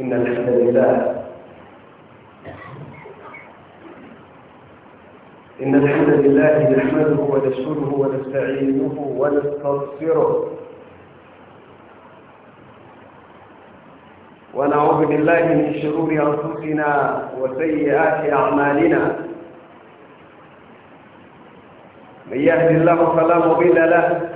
إن الحمد لله إن الحمد لله نحمده ونشكره ونستعينه ونستغفره ونعوذ بالله من شرور أنفسنا وسيئات أعمالنا من يهد الله فلا مضل له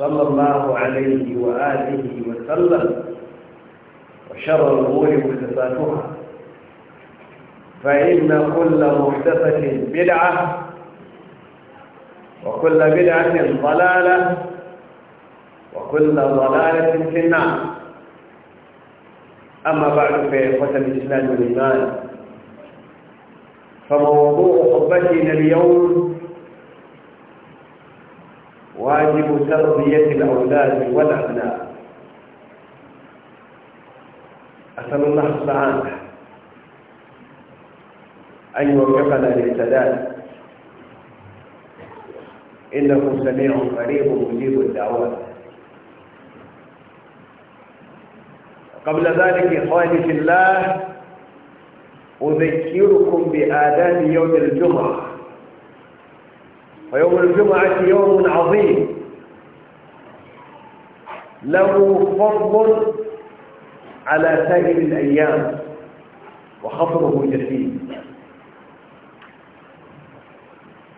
صلى الله عليه وآله وسلم وشر الأمور محدثاتها فإن كل محدثة بدعة وكل بدعة ضلالة وكل ضلالة في النار أما بعد فإخوة الإسلام والإيمان فموضوع خطبتنا اليوم واجب تربية الأولاد والأبناء أسأل الله سبحانه أن يوفقنا للسداد إنه سميع قريب مجيب الدعوات قبل ذلك إخواني في الله أذكركم بآداب يوم الجمعة ويوم الجمعة يوم عظيم له فضل على سائر الأيام وخطره جسيم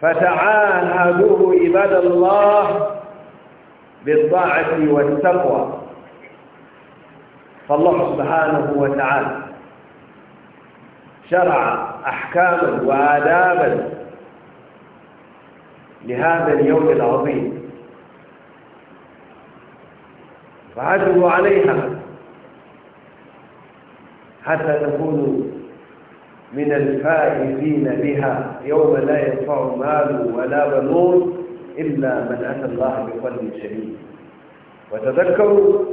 فتعاهدوه عباد الله بالطاعة والتقوى فالله سبحانه وتعالى شرع أحكاما وآدابا لهذا اليوم العظيم فعجبوا عليها حتى تكونوا من الفائزين بها يوم لا ينفع مال ولا بنون إلا من أتى الله بقلب شهيد وتذكروا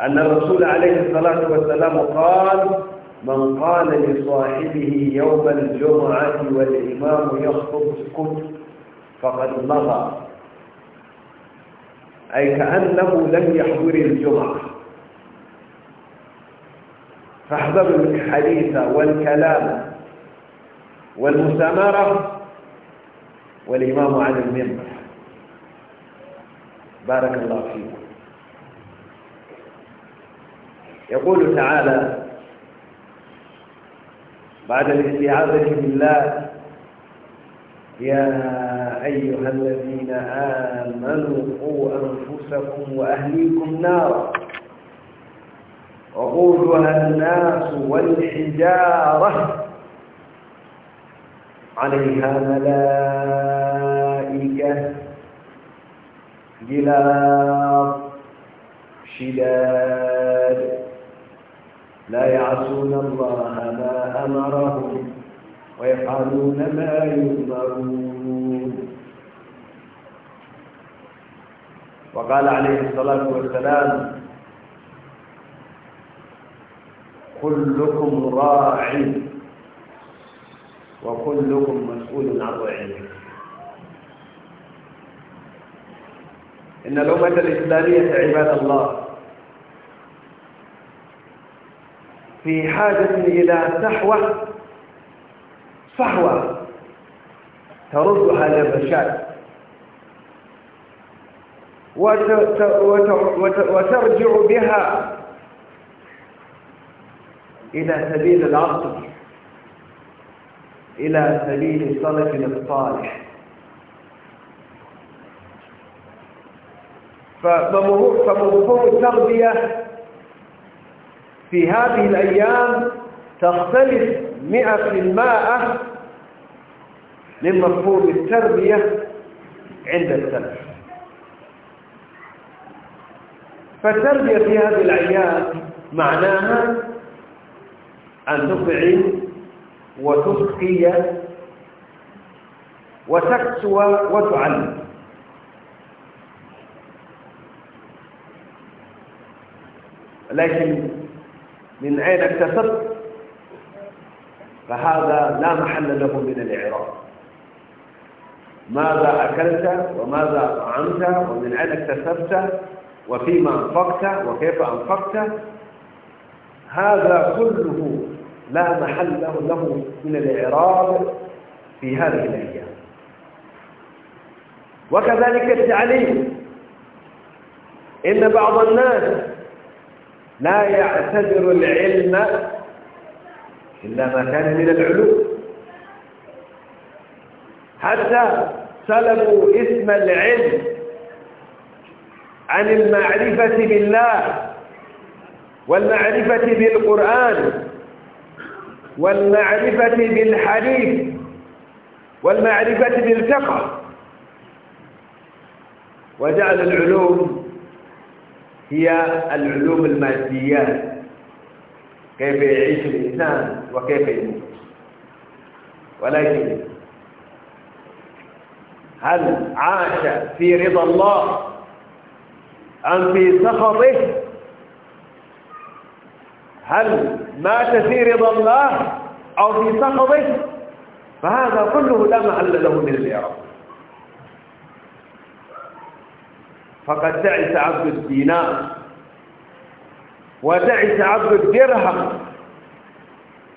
أن الرسول عليه الصلاة والسلام قال من قال لصاحبه يوم الجمعة والإمام يخطب اسكت فقد مضى أي كأنه لم يحضر الجمعة فاحذروا الحديث والكلام والمسامرة والإمام عن المنبر بارك الله فيكم يقول تعالى بعد الاستعاذة بالله يا أيها الذين آمنوا قوا أنفسكم وأهليكم نارا وقولها الناس والحجارة عليها ملائكة جلاب شداد لا يعصون الله ما أمرهم ويفعلون ما يؤمرون وقال عليه الصلاة والسلام كلكم راع وكلكم مسؤول عن رعيته إن الأمة الإسلامية عباد الله في حاجة إلى سحوة صحوة تردها للرشاد وترجع بها إلى سبيل العقل إلى سبيل السلف الصالح فمفهوم التربية في هذه الأيام تختلف مئة في المائة من مفهوم التربية عند السلف فالتربية في هذه الأيام معناها أن تطعم وتسقي وتكسو وتعلم لكن من أين اكتسبت فهذا لا محل له من الإعراب ماذا أكلت وماذا طعمت ومن أين اكتسبت وفيما أنفقت وكيف أنفقت هذا كله لا محل له من الإعراب في هذه الأيام وكذلك التعليم إن بعض الناس لا يعتبر العلم إلا ما كان من العلوم حتى سلبوا اسم العلم عن المعرفة بالله والمعرفة بالقرآن والمعرفة بالحديث والمعرفة بالفقه وجعل العلوم هي العلوم الماديات كيف يعيش الإنسان وكيف يموت ولكن هل عاش في رضا الله أم في سخطه هل مات في رضا الله أو في سخطه فهذا كله لا محل له من الإعراض فقد تعس عبد الدينار وتعس عبد الدرهم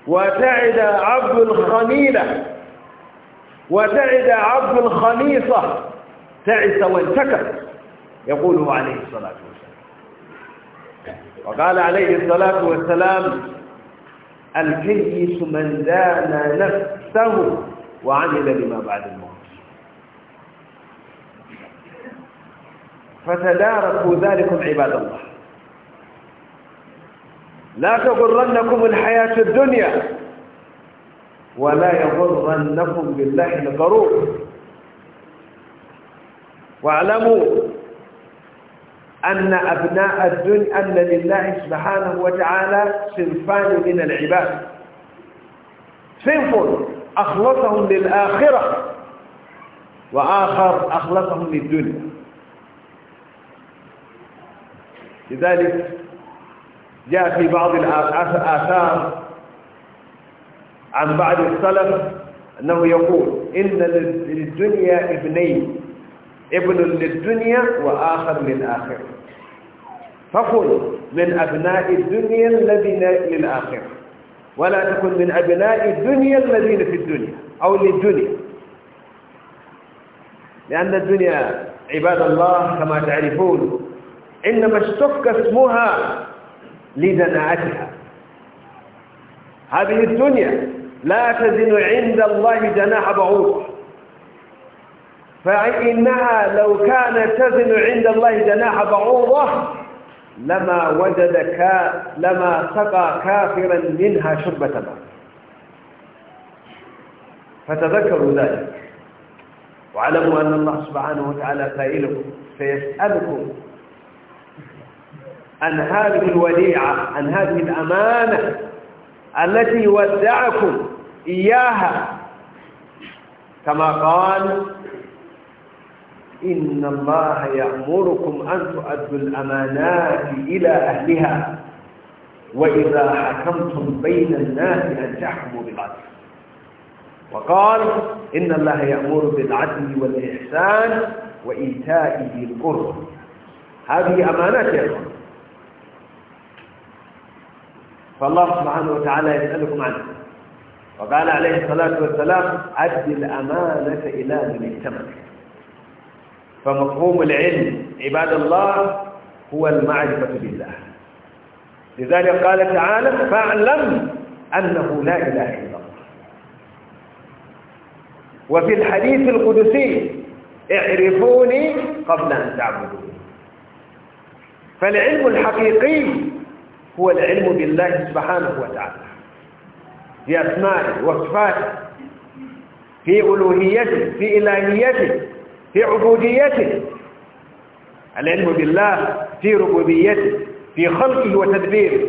وتعد عبد الخميلة وتعد عبد الخميصة تعس وانتكت يقوله عليه الصلاة والسلام وقال عليه الصلاة والسلام الكيس من دان نفسه وعمل لما بعد الموت فتداركوا ذلكم عباد الله لا تغرنكم الحياة الدنيا ولا يغرنكم بالله الغرور واعلموا أن أبناء الدنيا أن لله سبحانه وتعالى صنفان من العباد صنف أخلصهم للآخرة وآخر أخلصهم للدنيا لذلك جاء في بعض الآثار عن بعض السلف أنه يقول إن للدنيا ابنين ابن للدنيا وآخر للآخرة فكن من أبناء الدنيا الذين للآخرة ولا تكن من أبناء الدنيا الذين في الدنيا أو للدنيا لأن الدنيا عباد الله كما تعرفون إنما اشتق اسمها لدناءتها هذه الدنيا لا تزن عند الله جناح بعوضة فإنها لو كانت تزن عند الله جناح بعوضة لما وجد كا لما سقى كافرا منها شربة ماء فتذكروا ذلك واعلموا أن الله سبحانه وتعالى قائلكم سيسألكم عن هذه الوديعة عن هذه الأمانة التي ودعكم إياها كما قال إن الله يأمركم أن تؤدوا الأمانات إلى أهلها وإذا حكمتم بين الناس أن تحكموا بالعدل وقال إن الله يأمر بالعدل والإحسان وإيتاء ذي القربى هذه أمانات يا إخوان فالله سبحانه وتعالى يسألكم عنه وقال عليه الصلاة والسلام أد الأمانة إلى من ائتمنك فمفهوم العلم عباد الله هو المعرفة بالله لذلك قال تعالى فاعلم أنه لا إله إلا الله وفي الحديث القدسي اعرفوني قبل أن تعبدوني فالعلم الحقيقي هو العلم بالله سبحانه وتعالى في أسمائه وصفاته في ألوهيته في إلهيته في عبوديته العلم بالله في ربوبيته في خلقه وتدبيره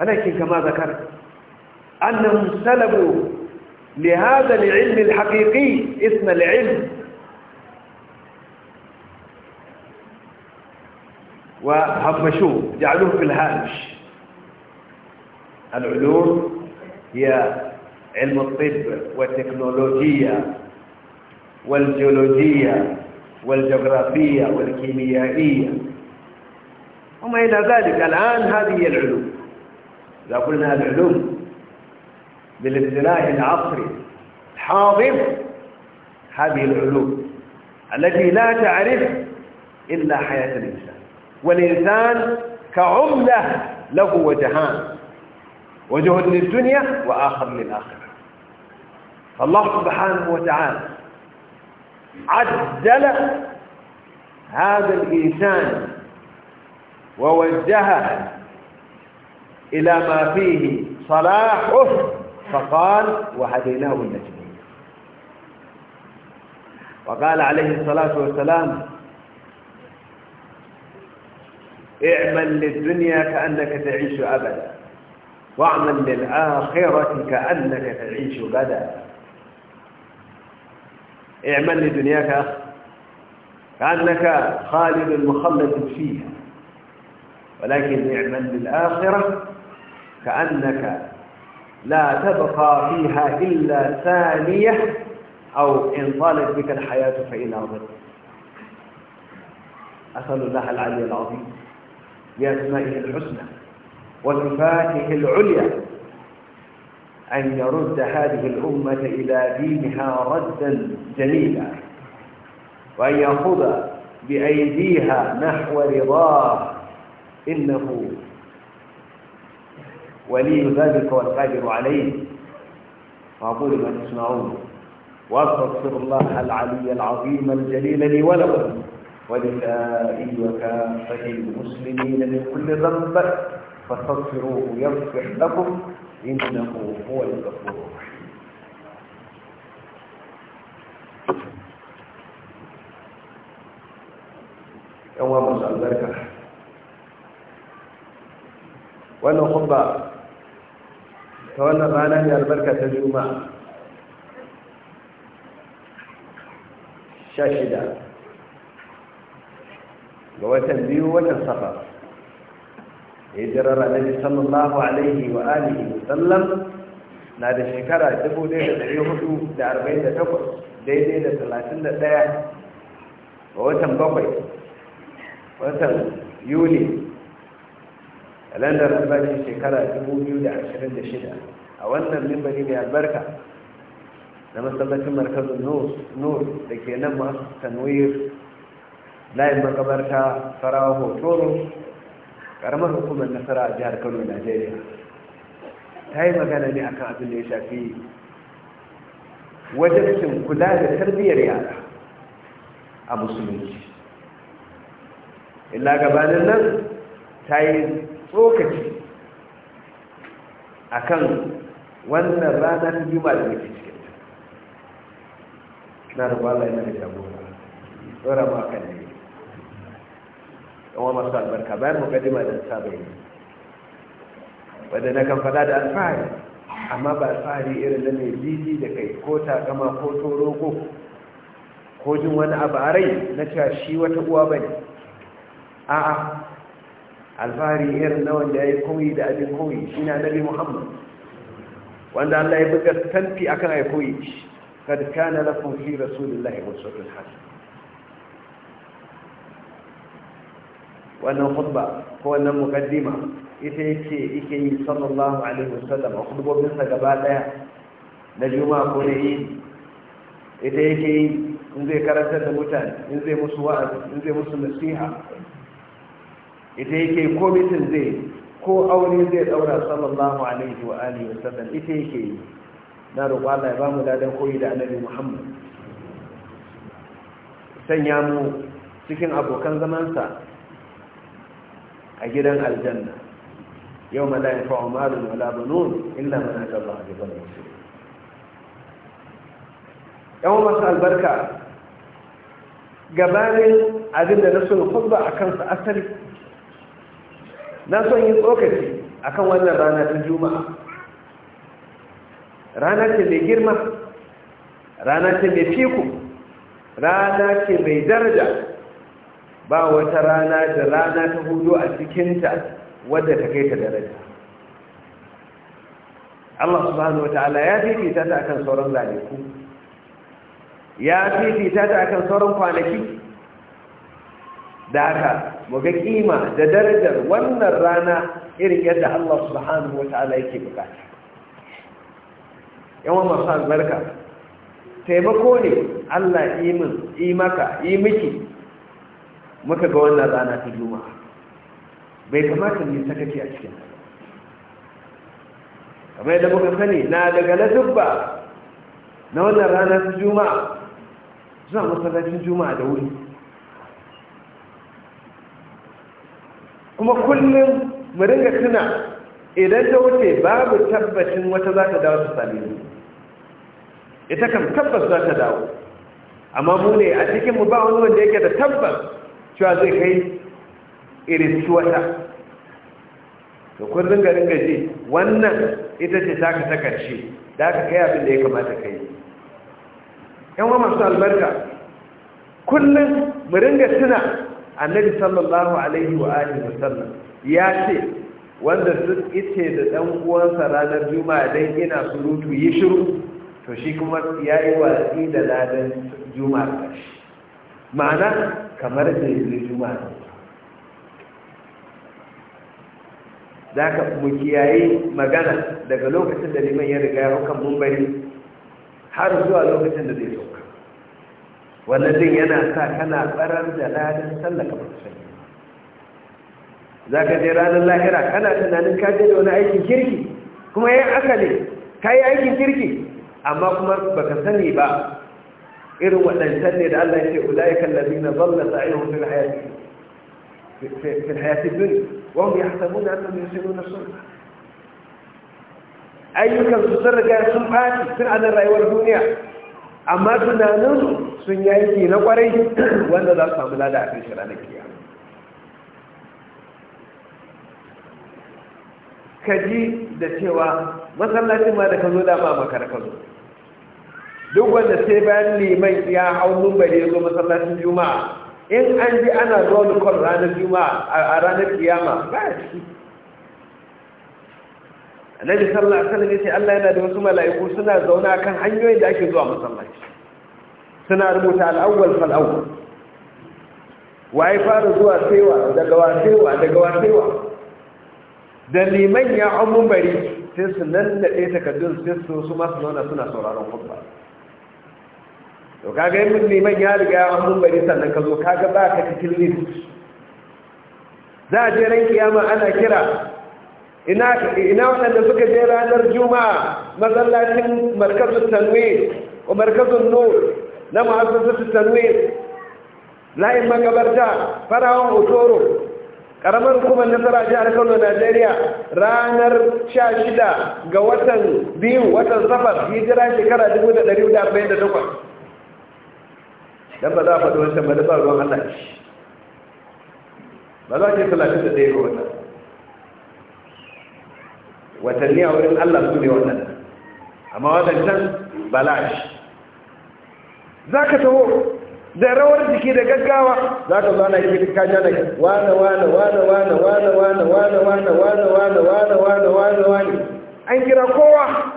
ولكن كما ذكرت أنهم سلبوا لهذا العلم الحقيقي اسم العلم وهمشوه جعلوه في الهامش العلوم هي علم الطب والتكنولوجيا والجيولوجيا والجغرافية والكيميائية وما إلى ذلك الآن هذه هي العلوم إذا قلنا العلوم بالاصطلاح العصري الحاضر هذه العلوم التي لا تعرف إلا حياة الإنسان والإنسان كعملة له وجهان وجه للدنيا وآخر للآخرة فالله سبحانه وتعالى عدل هذا الإنسان ووجهه إلى ما فيه صلاحه فقال وهديناه النجدين وقال عليه الصلاة والسلام اعمل للدنيا كأنك تعيش أبدا واعمل للآخرة كأنك تعيش غدا اعمل لدنياك كأنك خالد مخلد فيها ولكن اعمل للآخرة كأنك لا تبقى فيها إلا ثانية أو إن طالت بك الحياة فإلى ضد أسأل الله العلي العظيم بأسمائه الحسنى وصفاته العليا أن يرد هذه الأمة إلى دينها ردا جميلا وأن يأخذ بأيديها نحو رضاه إنه ولي ذلك والقادر عليه فأقول ما تسمعون وأستغفر الله العلي العظيم الجليل لي ولكم ولسائل وكافة المسلمين من كل ذنب فاستغفروه يغفر لكم إنه هو الغفور الرحيم يوم مساء ذلك وأنا خطبة تولى معنا من البركة تجمع شاشدة ga watan biyu watan Safa, ya hijirar na sallallahu alaihi wa alihi wa sallam na da shekara 1448 daidai da 31 ga watan bakwai watan yuli kalandar albashi shekara 2026 a wannan limbari mai albarka na masallacin markazin nur da ke nan masu tanwir layin makabarta farawa hoto karamar hukumar nasara a jihar kano najeriya ta yi magana ne akan abin da ya shafi wajen kula da tarbiyyar yara a musulunci illa gabanin nan ta yi tsokaci a kan wannan ranar juma da muke cikin na rubar lai da jagora kan ne yawan masu albarka bayan mukaddima da saba yi wadda na kan fada da alfahari amma ba alfahari irin da mai jiji da kai ko takama ko toro ko ko jin wani abu a rai na cewa shi wata uwa ba ne a'a alfahari irin na wanda ya yi koyi da abin koyi shi na nabi muhammad wanda allah ya buga tamfi akan ya koyi kad kana lakum fi rasulillahi uswatun hasana wannan hutba ko wannan mukaddima ita yake ike yi sallallahu alaihi wasallam a khutbobin sa gaba daya na juma'a ko na yi ita yake yi in zai karantar da mutane in zai musu wa'azi in zai musu nasiha ita yake ko mitin zai ko aure zai daura sallallahu alaihi wa alihi wasallam ita yake yi na roƙo Allah ya ba mu dadan koyi da annabi Muhammad sanya mu cikin abokan zamansa a gidan aljanna yau ma la yanfa'u malun wala banun illa man ata Allah bi qalbin muslim yawan masu albarka gabanin abin da na son khutba a sa asali na son yin tsokaci akan wannan rana ta juma'a rana ce mai girma rana ce mai fiku rana ce mai daraja ba wata rana da rana ta hudu a cikinta wadda ta kai ta daraja Allah subhanahu wa ta'ala ya fifita ta akan sauran zaliku ya fifita ta akan sauran kwanaki da haka ga kima da darajar wannan rana irin yadda Allah subhanahu wa ta'ala yake bukata yawan masu albarka taimako ne Allah yi min yi maka yi miki muka ga wannan rana ta juma'a bai kamata ne sakaci a cikin kamar yadda muka sani na daga na dubba na wannan rana ta juma'a zuwa masallacin juma'a da wuri kuma kullum mu ringa tuna idan ta wuce babu tabbacin wata za ta dawo su sami ita kam tabbas za ta dawo amma mu ne a cikinmu ba wani wanda yake da tabbas cewa zai kai irin wata da kun garin gaji wannan ita ce ta ka ta da aka kai abin da ya kamata ka yi yan wa masu albarka kullum mu ringa tuna annabi sallallahu alaihi wa alihi ya ce wanda sun ice da ɗan uwansa ranar juma'a don ina surutu yi shiru to shi kuma ya yi watsi da ladan juma'a ma'ana kamar da yanzu juma'a za ka mu kiyaye magana daga lokacin da liman ya riga ya hukan mumbari har zuwa lokacin da zai sauka wannan din yana sa kana tsarar da ladan sallah kamar sanya za ka je ranar lahira kana tunanin ka je da wani aikin kirki kuma yin akali ka yi aikin kirki amma kuma baka sani ba irin waɗancan ne da Allah ya ce ulaiikal ladina dhalla sa'ihum fil hayati fil hayati dunya wa hum yahsabuna annahum yusinuna sunna ayyukan su sun riga sun faɗi sun a nan rayuwar duniya amma tunanin sun yanki na kwarai wanda za su samu lada a kai ranar kiyama ka ji da cewa masallacin ma da ka zo dama maka da ka zo duk wanda sai bayan liman ya hau numbari ya zo masallacin juma'a in an ji ana roll call ranar juma'a a ranar kiyama ba a ciki annabi sallallahu alaihi wasallam yace Allah yana da wasu mala'iku suna zauna kan hanyoyin da ake zuwa masallaci suna rubuta al-awwal fal awwal waye fara zuwa saiwa daga wa wasewa daga wa wasewa da liman ya hau bari sai su nan da ɗaya takaddun sai su su masu zauna suna sauraron khutba to kaga yin musulman ya riga ya hannun bari sannan ka zo kaga ba ka cikin list za a je ran kiyama ana kira ina waɗanda suka je ranar juma'a masallacin markazin tanwe ko markazin no na ma'azin tanwe layin magabarta farawan otoro karamar hukumar nasara jihar kano najeriya ranar 16 ga watan biyu watan safar hijira shekara 1448 dan ba za a faɗi wancan ba da ba ruwan Allah shi ba za a ce talatin da ɗaya ga wata watanni a wurin Allah su ne wannan amma ba la shi za ka taho da rawar jiki da gaggawa za ka zana yi cikin kaja da wane wane wane wane wane wane wane wane wane wane wane wane wane wane an kira kowa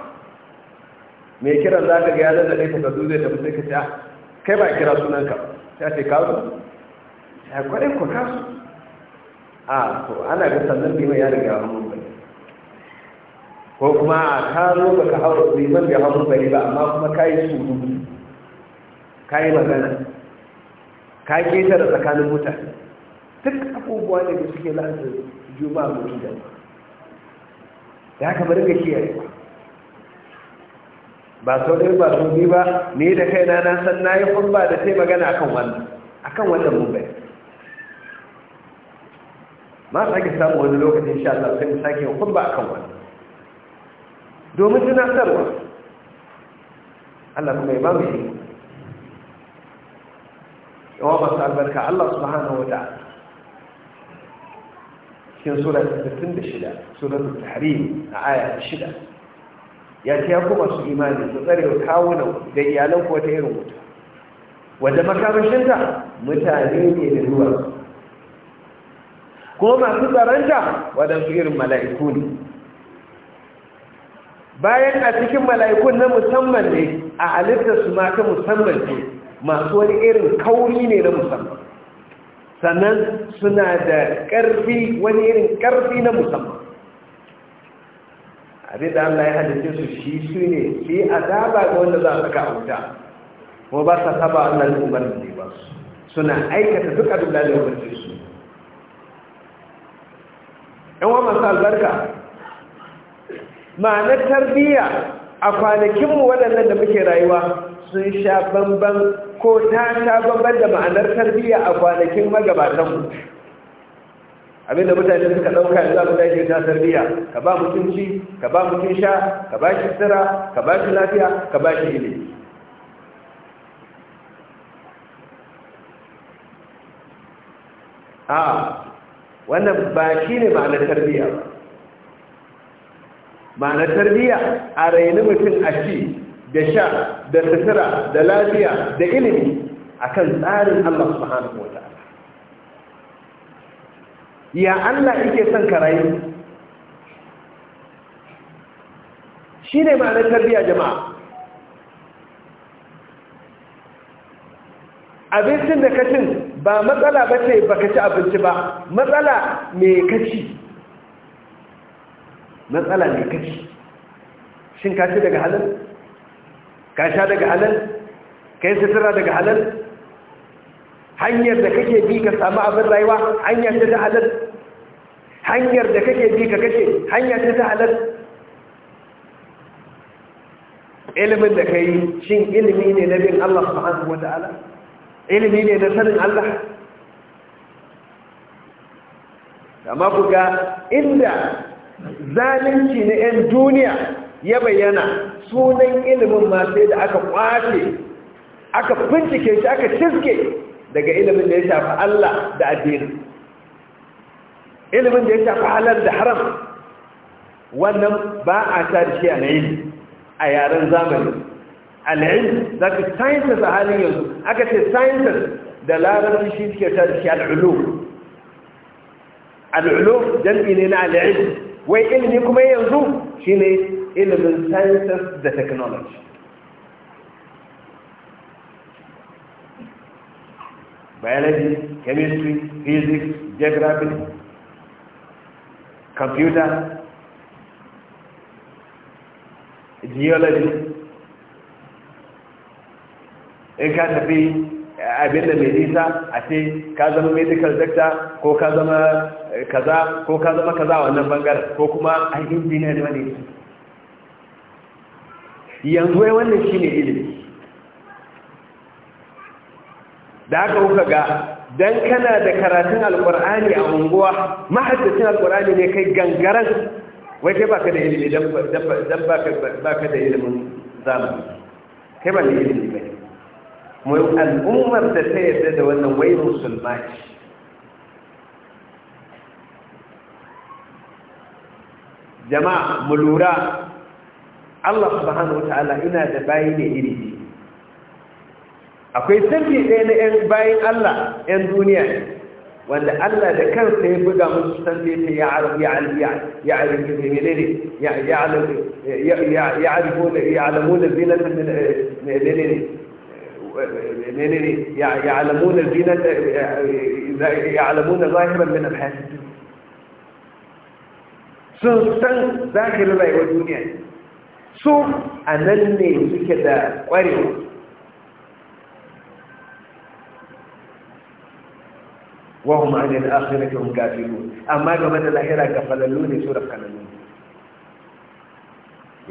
mai kiran za ka ga ya zana ne ka zuzai da mutum ka ce kai ba kira sunanka sai ce kawo ya kwarai ku kasu a to ana ga sannan biyu ya riga hannun bai ko kuma a kano ba ka hau liman bai hannun bai ba amma kuma ka yi sudu ka yi magana ka da tsakanin mutane duk abubuwa ne da suke la'asar juma'a mutu da ya kamar ga kiyaye ba ba sau ɗaya ba sau biyu ba ni da kaina na san na yi da sai magana akan wannan akan wannan mumbai ma ki samu wani lokacin sha Allah sai mu sake kunba akan wannan domin sarwa Allah kuma ya ba mu shi yawa masu albarka Allah subhanahu wa ta'ala cikin sura 66 sura tahrim a aya 6 ya ce ya kuma su imani su tsare da kawuna da iyalan ko ta irin wuta wanda makamashinta mutane ne da ruwa ko masu tsaranta waɗansu irin mala'iku ne bayan a cikin mala'ikun na musamman ne a halittar su mata musamman ce masu wani irin kauri ne na musamman sannan suna da ƙarfi wani irin ƙarfi na musamman abin da Allah ya halitta su shi su ne shi a daba ga wanda za a saka a wuta kuma ba sa saba Allah da ba suna aikata duk abin da ya umarce su ɗan wa masu albarka ma'anar tarbiyya a kwanakinmu waɗannan da muke rayuwa sun sha bamban ko ta sha bamban da ma'anar tarbiyya a kwanakin magabatanmu abinda mutane suka ɗauka yanzu abin da yake ta tarbiyya ka ba mutum ci ka ba mutum sha ka ba shi tsira ka ba shi lafiya ka ba shi ilimi a wannan ba shi ne ma'anar tarbiyya ba ma'anar tarbiyya a raini mutum a ci da sha da sutura da lafiya da ilimi akan tsarin Allah subhanahu wa ta'ala ya Allah yake son ka rayu shi ne ma'anar tarbiyya jama'a abincin da kacin ba matsala ba ce ba ci abinci ba matsala mai kaci matsala mai kaci shin ka ci daga halal ka sha daga halal ka yi sutura daga halal hanyar da kake bi ka samu abin rayuwa hanyar da ta halal hanyar da kake bi ka kashe hanyar da ta halal ilimin da kai shin ilimi ne na bin Allah subhanahu ta'ala ilimi ne na sanin Allah amma ku ga inda zalunci na 'yan duniya ya bayyana sunan ilimin ma sai da aka kwace aka bincike shi aka ciske daga ilimin da ya shafi Allah da addini ilimin da ya shafi halal da haram wannan ba a shi a nayi a yaren zamani al'ilm za ka sciences a halin yanzu aka ce sciences da larabci shi suke shi al'ulu al'ulu jam'i ne na al'ilm wai ilimi kuma yanzu shine ilimin sciences da technology biology chemistry physics geography computer geology in ka tafi abin da mai nisa a ce ka zama medical doctor ko ka zama kaza ko ka zama kaza wannan bangare ko kuma a yi ne wani yanzu wai wannan shi ne ilimi da aka kuka ga don kana da karatun alkur'ani a unguwa mahaddacin alkur'ani ne kai gangaran wai kai baka da ilimi ba baka da ilimin zamani kai ba da ilimi ba ne. mai al'ummar da ta yarda da wannan wai musulma jama'a mu lura Allah subhanahu wa ta'ala ina da bayi ne iri akwai sirri ɗaya na ‘yan bayan Allah ‘yan duniya wanda Allah da kansa ya buga musu sirri ta ya arabi ya alibi ya da menene ya arifu da ya alamu da zinata menene menene ya alamu da zinata ya alamu da zahirar min alhaji sun san zahirar rayuwar duniya su a nan ne suke da ƙwarewa wahum an al-akhirati hum kafirun amma game da lahira ga kafalallu ne su rafkanallu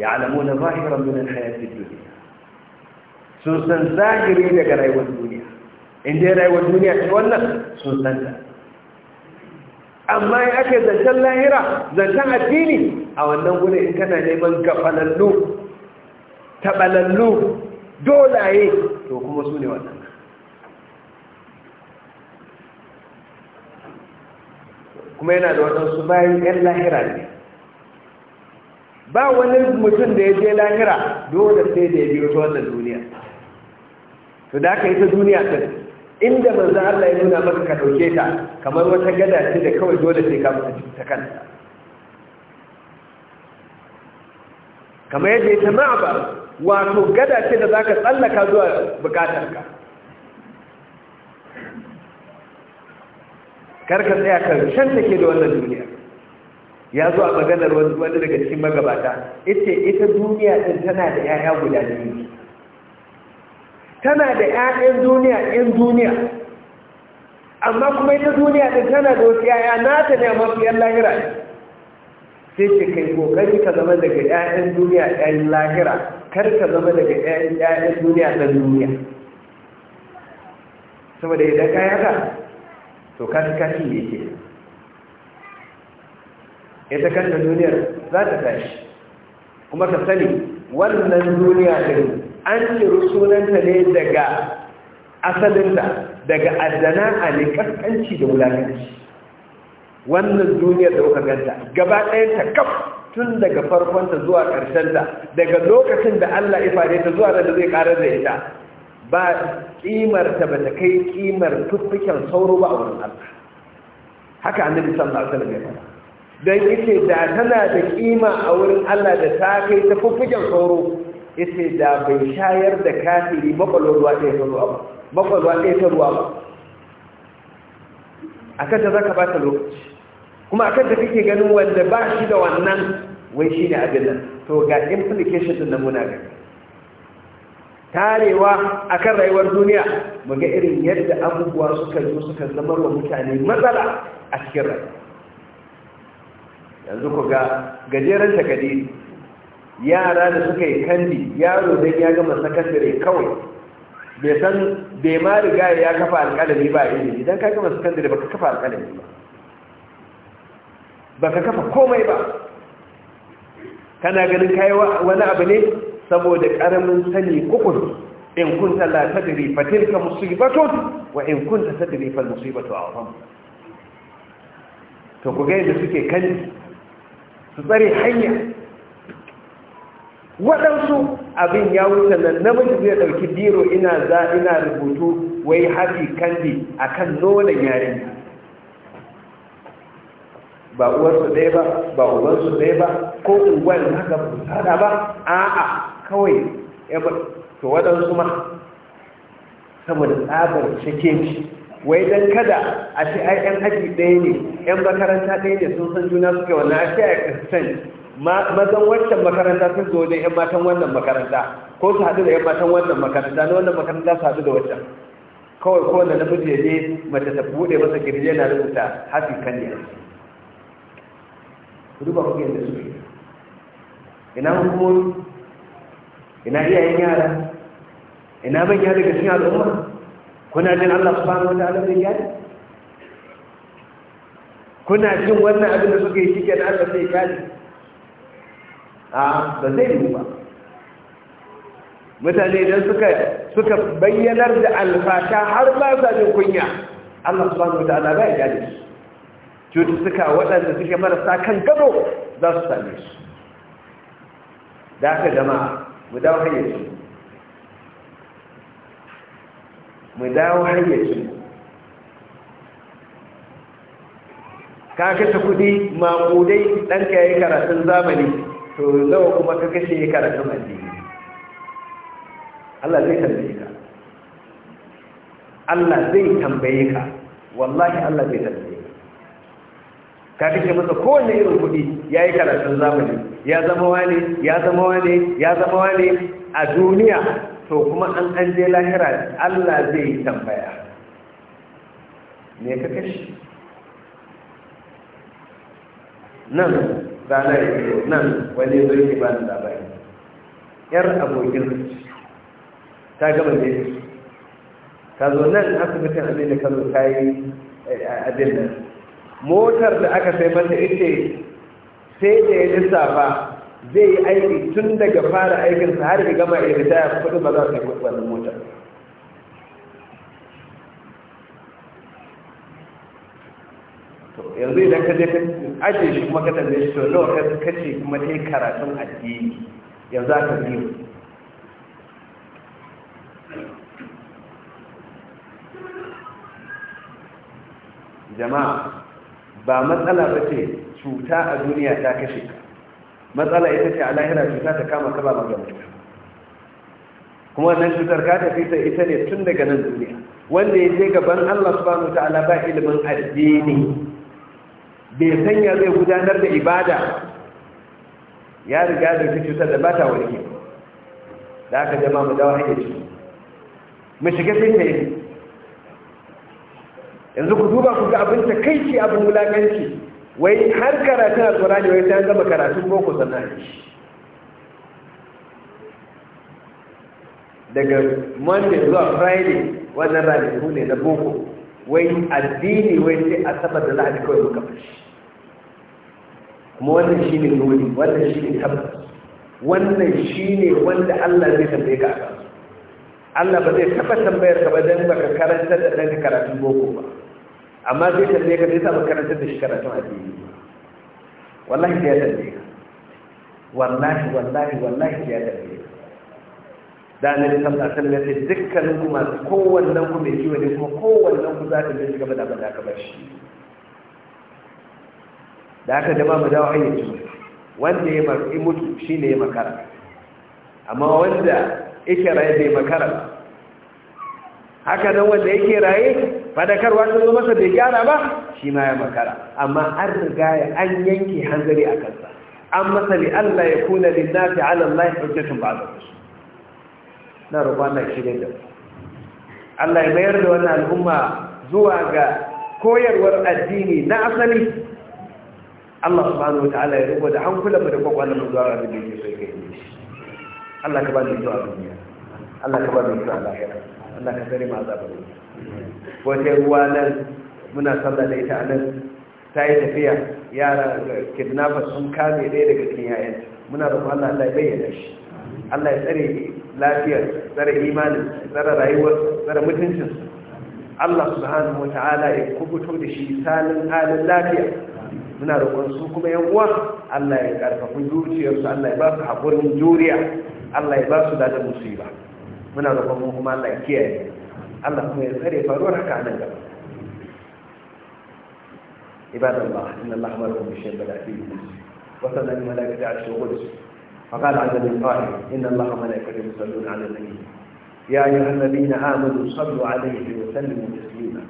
ya'lamuna zahiran min al-hayati ad-dunya sun san zahiri daga rayuwar duniya inda rayuwar duniya ce wannan sun san ta amma in ake zancen lahira zancen addini a wannan gudun in kana neman ga gafalallu taɓalallu dolaye to kuma su ne wannan kuma yana da waɗansu bayan 'yan lahira ne ba wani mutum da ya je lahira dole sai da ya biyo ta wannan duniya to da aka yi ta duniya ta inda manzan Allah ya nuna maka ka ɗauke ta kamar wata gada ce da kawai dole sai ka mutu ta kanta kamar yadda ya ta ba wato gada ce da za ka tsallaka zuwa bukatarka karka tsaya kan shan take da wannan duniya ya zo a maganar wani daga cikin magabata ita ita duniya din tana da 'ya'ya guda biyu tana da 'ya'yan duniya in duniya amma kuma ita duniya din tana da wasu 'ya'ya nata ne amma mafiyan lahira sai ce kai kokari ka zama daga 'ya'yan duniya 'yan lahira kar ka zama daga 'ya'yan duniya ɗan duniya saboda idan ka haka to kashi kashi ne ke ita kanta duniyar za ta tashi kuma ta sani wannan duniya din an ciri sunanta ne daga asalinta daga adana a ne kaskanci da wulakanci wannan duniyar da kuka ganta gaba ɗayanta kaf tun daga farkonta zuwa ƙarshenta daga lokacin da Allah ya ta zuwa da zai ƙarar da ita ba kimar ta bata kai kimar tuffiken sauro ba a wurin Allah haka annabi sallallahu alaihi wasallam ya faɗa dan yace da tana da kima a wurin Allah da ta kai ta tuffiken sauro yace da bai shayar da kafiri makwalwa ta ruwa ba makwalwa ta ruwa ba akan ta zaka bata lokaci kuma akan ta kake ganin wanda ba shi da wannan wai shine abin nan to ga implication din nan muna gani tarewa a kan rayuwar duniya muga irin yadda abubuwa suka zo suka zama wa mutane matsala a cikin rayuwa yanzu ku ga gajeren takadi yara da suka yi kandi yaro don ya gama sakandare kawai bai san bai ma riga ya kafa alkalami ba ilimi idan ka gama sakandare baka kafa alkalami ba baka kafa komai ba kana ganin kai wani abu ne saboda ƙaramin sani kukun in kunta la tadri fa tilka musibatun wa in kunta tadri fa musibatu a'zam to ku ga yadda suke kani su tsare hanya waɗansu abin ya wuce nan na mutu zai ɗauki biro ina za ina rubutu wai haɗi kandi akan nonon yarinya ba uwarsu ɗaya ba ba ubansu ɗaya ba ko unguwar haka ba sada ba a'a kawai ya to waɗansu ma saboda tsabar cike shi wai don kada a ce ai yan haji ɗaya ne yan makaranta ɗaya ne sun san juna suke wani a ce a kristian mazan wancan makaranta sun zo wajen yan matan wannan makaranta ko su haɗu da yan matan wannan makaranta na wannan makaranta su haɗu da wancan kawai kowane namiji ya je mace ta buɗe masa kirje na rubuta hafi kan yanzu. ku duba ku yadda suke ina hukumomi ina iyayen yara ina ban manya daga cikin al'umma kuna jin Allah fara wata zai yari kuna jin wannan abin da suke yi cikin Allah zai kaji a ba zai yi ba mutane idan suka suka bayyanar da alfata har ba sa jin kunya Allah su fara wata alamun yari su cututtuka waɗanda suke marasa kan gado za su same su da aka mu dawo hayyaci mu dawo hayyaci ka kashe kuɗi maƙudai ɗanka ya yi karatun zamani to nawa kuma ka kashe ya karatun addini Allah zai tambaye ka Allah zai tambaye ka wallahi Allah zai tambaye ka kashe masa kowane irin kuɗi ya yi karatun zamani ya zama wane ya zama wane ya zama wane a duniya to kuma an an je lahira Allah zai tambaya me ka kashi nan zana ya ce nan wani zai yi ba bayan yar abokin ta gama ne ka zo nan asibitin abin da ka zo ta yi eh, abin nan motar da aka sai mata ita sai da ya lissafa zai yi aiki tun daga fara aikinsa har da gama ya fita ya kuɗi ba za su yi wannan motar yanzu idan ka je ka ajiye shi kuma ka tambaye shi to nawa ka kace kuma ta karatun addini yanzu aka biyu jama'a ba matsala ba ce cuta a duniya ta kashe ka matsala ita ce a lahira cuta ta kama ka ba ma mutu kuma wannan cutar ka tafi ta ita ne tun daga nan duniya wanda ya je gaban Allah subhanahu ta'ala ba ilimin addini bai sanya zai gudanar da ibada ya riga da ta cutar da ba ta warke da aka jama mu dawo hanyar shi mu shiga sai ta yi yanzu ku duba ku ga abin takaici abin wulakanci wai har karatun alkurani wai ta gama karatun boko sannan daga monday zuwa friday wannan ranaku ne na boko wai addini wai sai a saba da lahadi kawai muka fashi kuma wannan shi ne nuni wannan shi ne tabbas wannan shi ne wanda allah zai tambaye ka a Allah ba zai taɓa tambayar ka ba don ka karanta da ɗan karatun boko ba amma zai tambaye ka zai samu karanta da shi karatun addini wallahi ya tambaye ka wallahi wallahi wallahi da ya tambaye ka da na da sallah sallah ya ce dukkanin ku masu kowannen ku mai kiwo ne kuma kowannen ku za ta zai shiga bada bada ka bar shi da aka jama mu dawo ayyukan wanda ya yi mutu shi ne ya makara amma wanda yake raye bai makara haka nan wanda yake raye fadakarwa ta zo masa bai gyara ba shi ma ya makara amma an riga ya an yanke hanzari a kansa an masa li Allah ya kuna linnati ala Allah ya da ba'da na roƙo Allah ya shirye da Allah ya mayar da wannan al'umma zuwa ga koyarwar addini na asali Allah subhanahu wa ta'ala ya rubo da hankulan mu da kwakwalan mu zuwa abin da yake so ya kai Allah ka ba mu zuwa duniya Allah ka ba mu zuwa lahira Allah ka tsare ma azabar wuta wata ruwa nan muna sallah da ita a nan ta yi tafiya yara kidnappers sun kame ɗaya daga cikin yayan muna kuma Allah Allah ya bayyana shi Allah ya tsare lafiyar tsare imanin tsare rayuwar tsare mutuncin Allah subhanahu wata'ala ya kubuto da shi salin halin lafiya muna roƙon su kuma yan uwa Allah ya karfafa zuciyarsu Allah ya ba su haƙurin juriya Allah ya ba su da musiba muna roƙon mu kuma Allah kiyaye Allah kuma ya tsare faruwar haka a nan عباد الله إن الله أمركم بشيء بدأ فيه وصلنا الملائكة عرش القدس فقال عز من قائل إن الله وملائكته يصلون على النبي يا أيها الذين آمنوا صلوا عليه وسلموا تسليما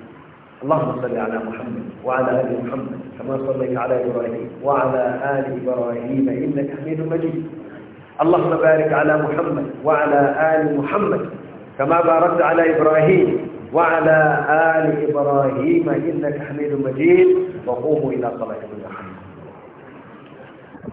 اللهم صل على محمد وعلى آل محمد كما صليت على إبراهيم وعلى آل إبراهيم إنك حميد مجيد اللهم بارك على محمد وعلى آل محمد كما باركت على إبراهيم وعلى آل إبراهيم إنك حميد مجيد وقوموا إلى صلاتكم